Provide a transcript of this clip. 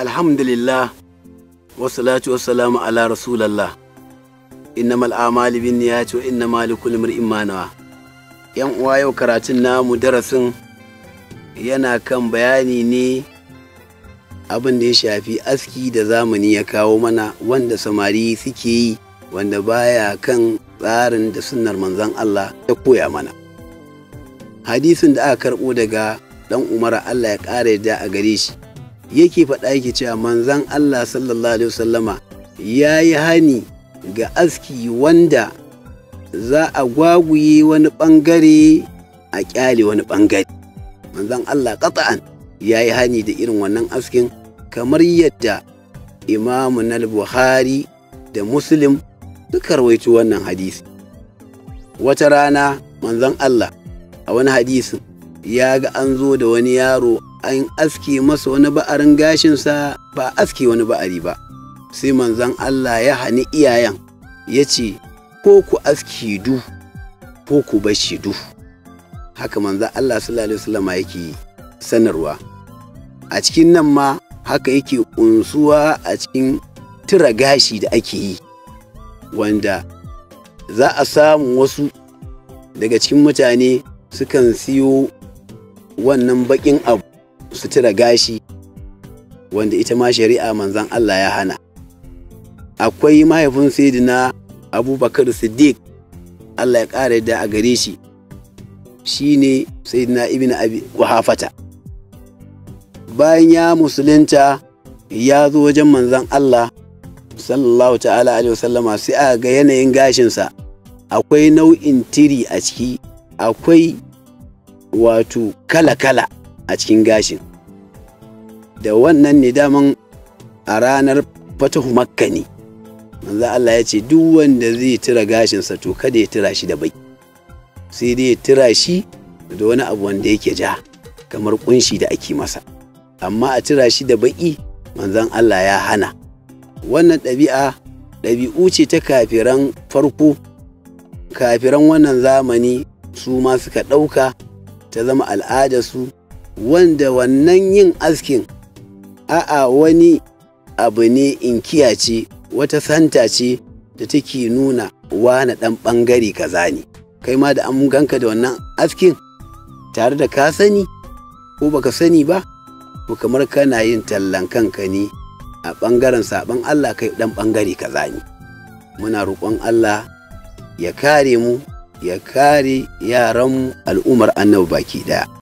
alhamdulillah wasalatu wasalamu ala rasulallah inna mal'amali bin ce wa inna malikul imrin yan uwa yau karatun namu darasin yana kan bayani ne abin da ya shafi aski da zamani ya kawo mana wanda samari suke yi wanda baya kan tsarin da sunnar manzan Allah ya koya mana hadisin da aka karɓo daga ɗan umara Allah ya ƙara yadda a gare shi yake faɗa yake cewa manzan Allah sallallahu alaihi wasallama ya yi hani ga aski wanda za a gwaguye wani ɓangare a ƙyale wani ɓangare manzan Allah ƙata'an ya yi hani da irin wannan askin kamar yadda imamu na buhari da muslim suka rawaito wannan hadisi wata rana manzan Allah a wani hadisin ya ga an zo da wani yaro an aske masa wani ba'arin gashinsa ba aske wani ba'ari ba sai manzan Allah ya hani iyayen ya ce ko ku aske du ko ku bashi du haka manzan Allah sallallahu alaihi yake sanarwa a cikin nan ma haka yake unsuwa a cikin tura gashi da ake yi wanda za a samu wasu daga cikin mutane sukan siyo wannan baƙin abu sutura gashi wanda ita ma shari'a manzan Allah ya hana akwai mahaifin saidina abubakar siddiq Allah ya ƙara yadda a gare shi shine saidina ibn abi kuhafata bayan ya musulunta ya zo wajen manzan Allah sallallahu ta'ala alaihi wasallama sai a ga yanayin gashinsa akwai nau'in tiri a ciki akwai wato kala-kala a cikin gashin da wannan ne daman a ranar fatahu makka ne manzo Allah ya ce duk wanda zai tira gashinsa to kada ya tira shi da bai sai dai ya tira shi da wani abu wanda yake ja kamar kunshi da ake masa amma a tira shi da baki manzon Allah ya hana wannan ɗabi'a ɗabi'u ce ta kafiran farko kafiran wannan zamani su ma suka ɗauka ta zama al'adarsu wanda wannan yin askin a'a wani abu ne inkiya ce wata santa ce da take nuna wane ɗan ɓangare kaza ne kai ma da an ganka da wannan askin tare da ka sani ko baka sani ba Ko kamar kana yin tallan kanka ne a ɓangaren saɓon Allah kai ɗan ɓangare kaza ne muna roƙon Allah ya kare mu ya kare yaran al'ummar annabi baki ɗaya